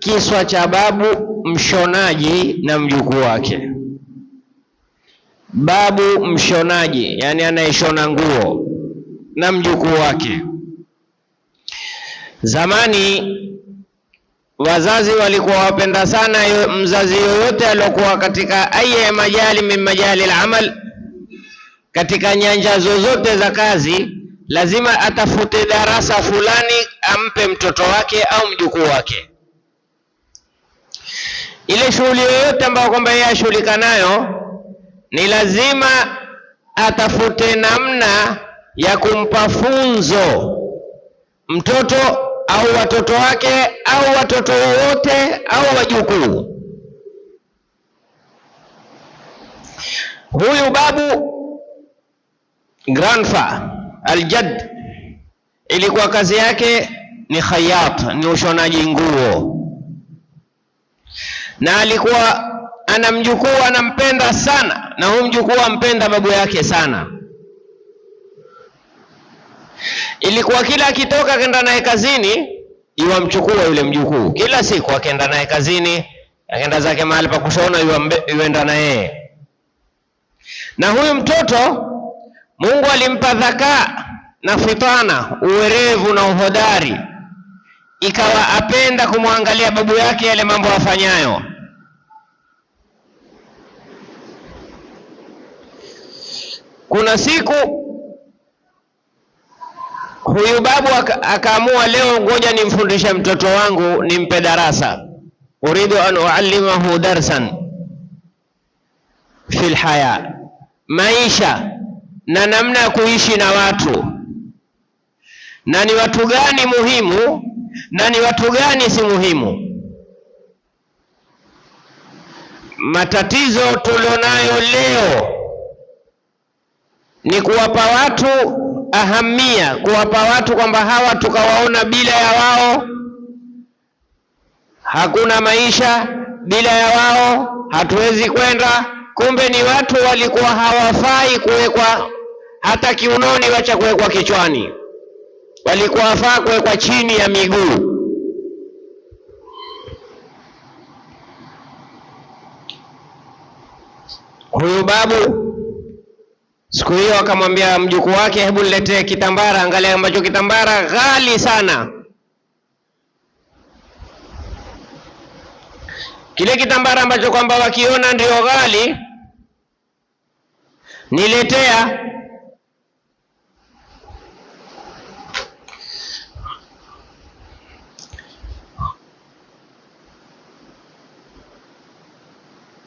Kiswa cha babu mshonaji na mjukuu wake. Babu mshonaji, yani anayeshona nguo, na mjukuu wake. Zamani wazazi walikuwa wapenda sana mzazi yoyote aliokuwa katika aya majali min majali al-amal, katika nyanja zozote za kazi, lazima atafute darasa fulani ampe mtoto wake au mjukuu wake ile shughuli yoyote ambayo kwamba yeye ashughulika nayo, ni lazima atafute namna ya kumpa funzo mtoto au watoto wake au watoto wowote au wajukuu. Huyu babu grandfa aljad, ilikuwa kazi yake ni khayat, ni ushonaji nguo na alikuwa ana mjukuu anampenda sana, na huyu mjukuu ampenda babu yake sana. Ilikuwa kila akitoka akaenda naye kazini, iwamchukua yule mjukuu kila siku, akaenda naye kazini, akaenda zake mahali pa kushona, iwenda na yeye. Na huyu mtoto Mungu alimpa dhakaa na fitana, uwerevu na uhodari, ikawa apenda kumwangalia babu yake yale mambo afanyayo Kuna siku huyu babu akaamua, leo ngoja nimfundishe mtoto wangu, nimpe darasa, uridu an uallimahu darsan fi lhaya, maisha na namna ya kuishi na watu, na ni watu gani muhimu na ni watu gani si muhimu. Matatizo tulionayo leo ni kuwapa watu ahamia, kuwapa watu kwamba hawa tukawaona bila ya wao hakuna maisha, bila ya wao hatuwezi kwenda. Kumbe ni watu walikuwa hawafai kuwekwa hata kiunoni, wacha kuwekwa kichwani, walikuwa wafaa kuwekwa chini ya miguu. Huyu babu Siku hiyo akamwambia mjukuu wake, hebu niletee kitambara. Angalia ambacho kitambara ghali sana. Kile kitambara ambacho kwamba wakiona ndio ghali, niletea.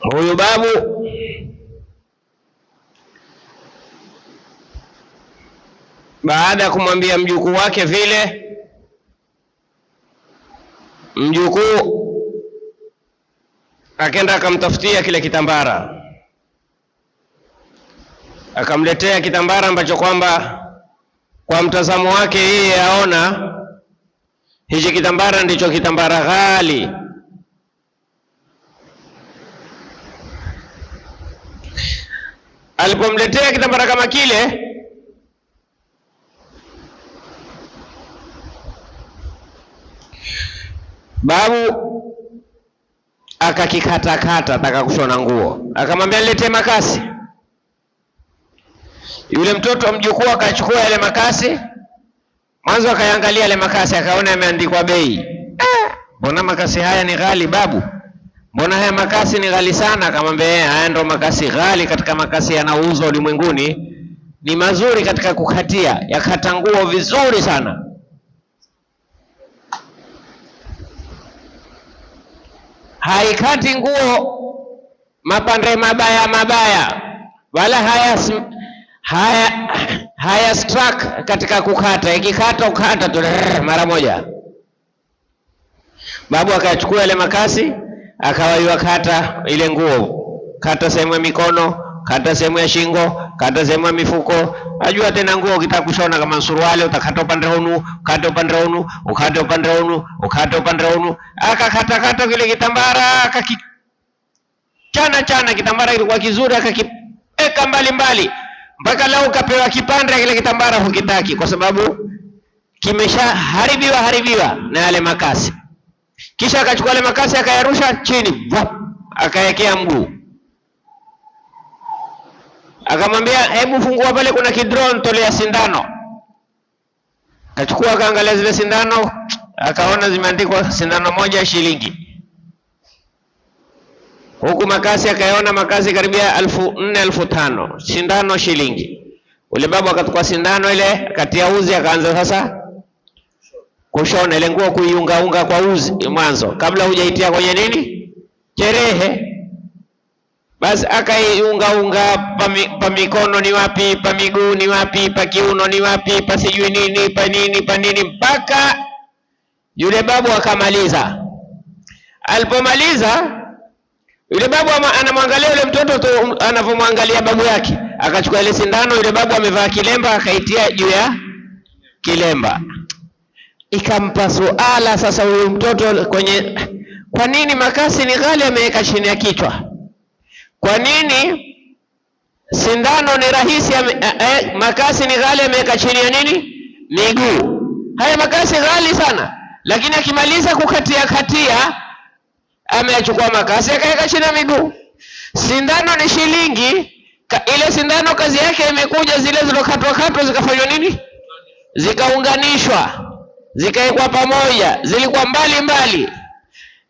Huyu babu baada ya kumwambia mjukuu wake vile, mjukuu akenda akamtafutia kile kitambara, akamletea kitambara ambacho kwamba kwa mtazamo wake yeye aona hichi kitambara ndicho kitambara ghali. Alipomletea kitambara kama kile Babu akakikatakata taka kushona nguo, akamwambia niletee makasi. Yule mtoto mjukuu akachukua yale makasi, mwanzo akayangalia yale makasi, akaona yameandikwa bei. Eh, mbona makasi haya ni ghali babu, mbona haya makasi ni ghali sana? Akamwambia eh, haya ndo makasi ghali katika makasi yanaouzwa ulimwenguni, ni mazuri katika kukatia, yakata nguo vizuri sana haikati nguo mapande mabaya mabaya, wala haya haya struck katika kukata, ikikata ukata tu mara moja. Babu akachukua ile makasi akawaiwa kata ile nguo, kata sehemu ya mikono, kata sehemu ya shingo kata sema mifuko. ajua tena nguo ukitaka kushona kama suruali utakata upande huu, ukate upande huu, ukate upande huu, ukate upande huu. Akakata kata kile kitambara akaki chana chana kitambara kilikuwa kizuri akakipeka mbali mbali mpaka lao kapewa kipande kile kitambara hukitaki kwa sababu kimesha haribiwa na yale makasi. Kisha akachukua yale makasi akayarusha chini, akawekea mguu akamwambia hebu fungua pale, kuna kidron, tolea sindano. Kachukua akaangalia zile sindano, akaona zimeandikwa sindano moja shilingi, huku makasi akayaona makasi karibia elfu nne elfu tano sindano shilingi. Ule babu akachukua sindano ile akatia uzi, akaanza sasa kushona ile nguo, kuiungaunga kwa uzi mwanzo, kabla hujaitia kwenye nini, cherehe basi akaiungaunga pa mikono ni wapi, pa miguu ni wapi, pa kiuno ni wapi, pa sijui nini, pa nini, pa nini, mpaka yule babu akamaliza. Alipomaliza yule babu anamwangalia yule mtoto, um, anavyomwangalia babu yake, akachukua ile sindano. Yule babu amevaa kilemba, akaitia juu ya kilemba, ikampa suala sasa huyu mtoto kwenye, kwa nini makasi ni ghali ameweka chini ya kichwa kwa nini sindano ni rahisi ya, eh, eh, makasi ni ghali, ameweka chini ya nini miguu? Haya makasi ghali sana, lakini akimaliza kukatia katia ameachukua makasi akaweka chini ya miguu. Sindano ni shilingi ka, ile sindano kazi yake imekuja zile zilokatwa katwa zikafanywa nini, zikaunganishwa zikawekwa pamoja, zilikuwa mbali mbali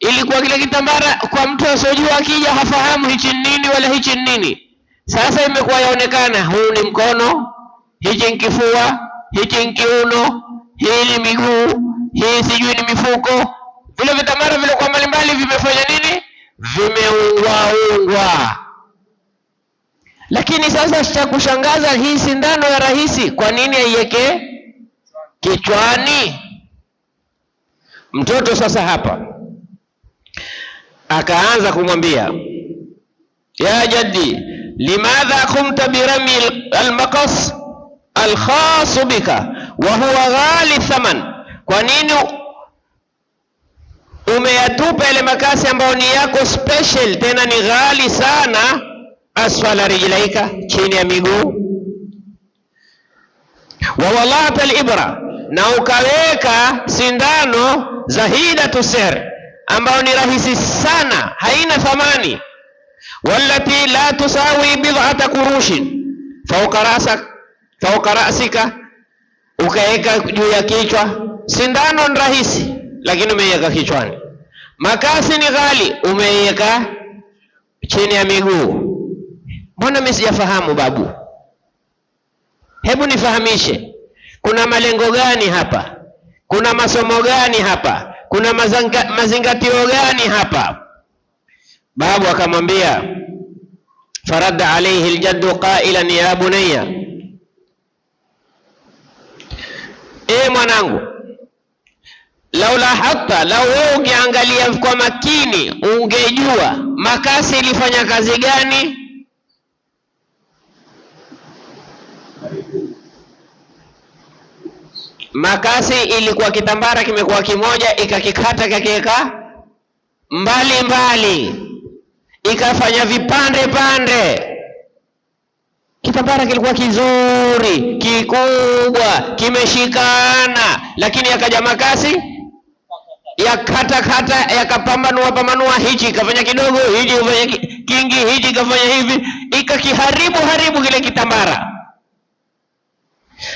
ilikuwa kile kitambara kwa mtu asiojua akija hafahamu hichi nini wala hichi nini. Sasa imekuwa yaonekana, huu ni mkono, hichi ni kifua, hichi ni kiuno, hii ni miguu, hii sijui ni mifuko. Vile vitambara vile kwa mbalimbali vimefanya nini? Vimeungwaungwa. Lakini sasa cha kushangaza, hii sindano ya rahisi, kwa nini aiweke kichwani mtoto? Sasa hapa akaanza kumwambia ya jaddi limadha kumta birami almaqas alkhasu bika wa huwa ghali thaman, kwa nini umeyatupa ile makasi ambayo ni yako special tena ni ghali sana, asfala rijlaika, chini ya miguu, wa walata alibra, na ukaweka sindano zahida tuser ambayo ni rahisi sana, haina thamani. wallati la tusawi bid'ata kurushin fawqa rasak fawqa rasika, ukaweka juu ya kichwa. Sindano ni rahisi, lakini umeiweka kichwani. Makasi ni ghali, umeiweka chini ya miguu. Mbona mimi sijafahamu babu? Hebu nifahamishe, kuna malengo gani hapa? Kuna masomo gani hapa? kuna mazanga, mazingatio gani hapa? Babu akamwambia faradda alayhi aljaddu qailan ya bunayya, e mwanangu, laula hatta lau wewe ungeangalia kwa makini ungejua makasi ilifanya kazi gani Makasi ilikuwa kitambara kimekuwa kimoja, ikakikata kakiweka mbali mbali, ikafanya vipande pande. Kitambara kilikuwa kizuri kikubwa, kimeshikana, lakini yakaja makasi yakatakata, yakapambanua pambanua, hichi ikafanya kidogo, hichi ikafanya kingi, hichi ikafanya hivi, ikakiharibu haribu kile kitambara.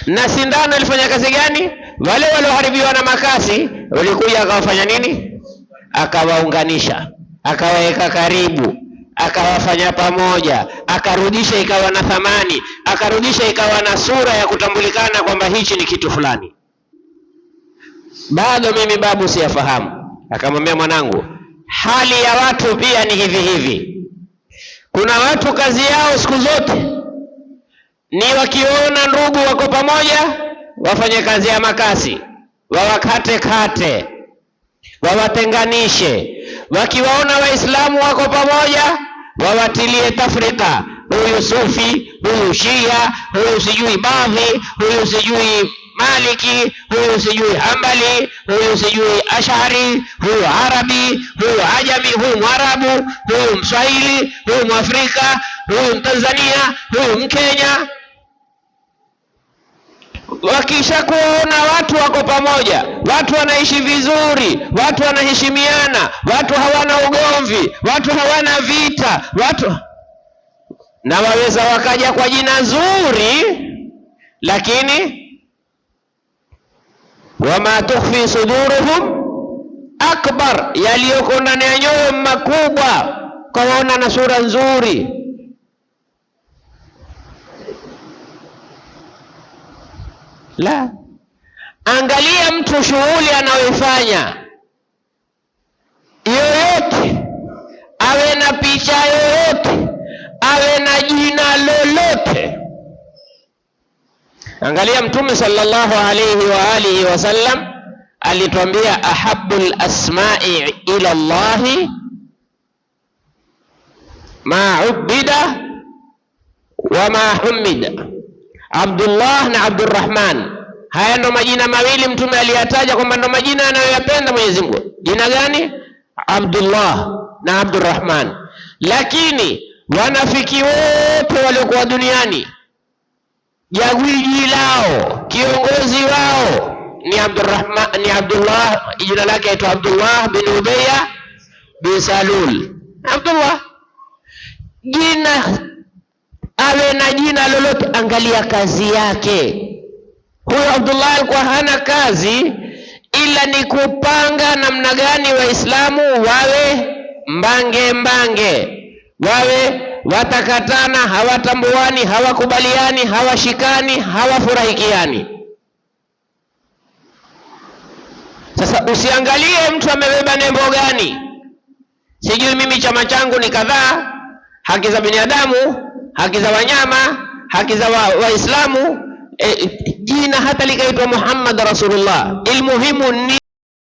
Na sindano ilifanya kazi gani? Wale walioharibiwa na makasi ulikuja akawafanya nini? Akawaunganisha, akawaweka karibu, akawafanya pamoja, akarudisha ikawa na thamani, akarudisha ikawa na sura ya kutambulikana kwamba hichi ni kitu fulani. Bado mimi babu siyafahamu. Akamwambia mwanangu, hali ya watu pia ni hivi hivi. Kuna watu kazi yao siku zote ni wakiona ndugu wako pamoja, wafanye kazi ya makasi, wawakate kate, wawatenganishe. Wakiwaona waislamu wako pamoja, wawatilie tafrika, huyu sufi, huyu shia, huyu sijui badhi, huyu sijui maliki, huyu sijui hambali, huyu sijui ashari, huyu arabi, huyu ajami, huyu mwarabu, huyu mswahili, huyu mwafrika, huyu mtanzania, huyu mkenya Wakishakuona watu wako pamoja, watu wanaishi vizuri, watu wanaheshimiana, watu hawana ugomvi, watu hawana vita, watu na waweza wakaja kwa jina zuri, lakini wama tukhfi suduruhum akbar, yaliyoko ndani ya nyoyo makubwa, kawaona na sura nzuri La, angalia mtu shughuli anayofanya yoyote, awe na picha yoyote, awe na jina lolote. Angalia Mtume sallallahu alaihi wa alihi wasallam alituambia, ahabu lasmai ila llahi ma ubida wa ma humida Abdullah na Abdurrahman. Haya ndo majina mawili Mtume aliyataja kwamba ndo majina anayoyapenda Mwenyezi Mungu. Jina gani? Abdullah na Abdurrahman. Lakini wanafiki wote waliokuwa duniani, jagwiji lao, kiongozi wao ni Abdurrahman, ni Abdullah. Jina lake aitwa Abdullah bin Ubayya bin Salul. Abdullah jina awe na jina lolote, angalia kazi yake. Huyo Abdullah alikuwa hana kazi ila ni kupanga namna gani Waislamu wawe mbange mbange, wawe watakatana, hawatambuani, hawakubaliani, hawashikani, hawafurahikiani. Sasa usiangalie mtu amebeba nembo gani, sijui mimi chama changu ni kadhaa, haki za binadamu haki za wanyama, haki za Waislamu wa eh, e, jina hata likaitwa Muhammad Rasulullah. Ilmuhimu ni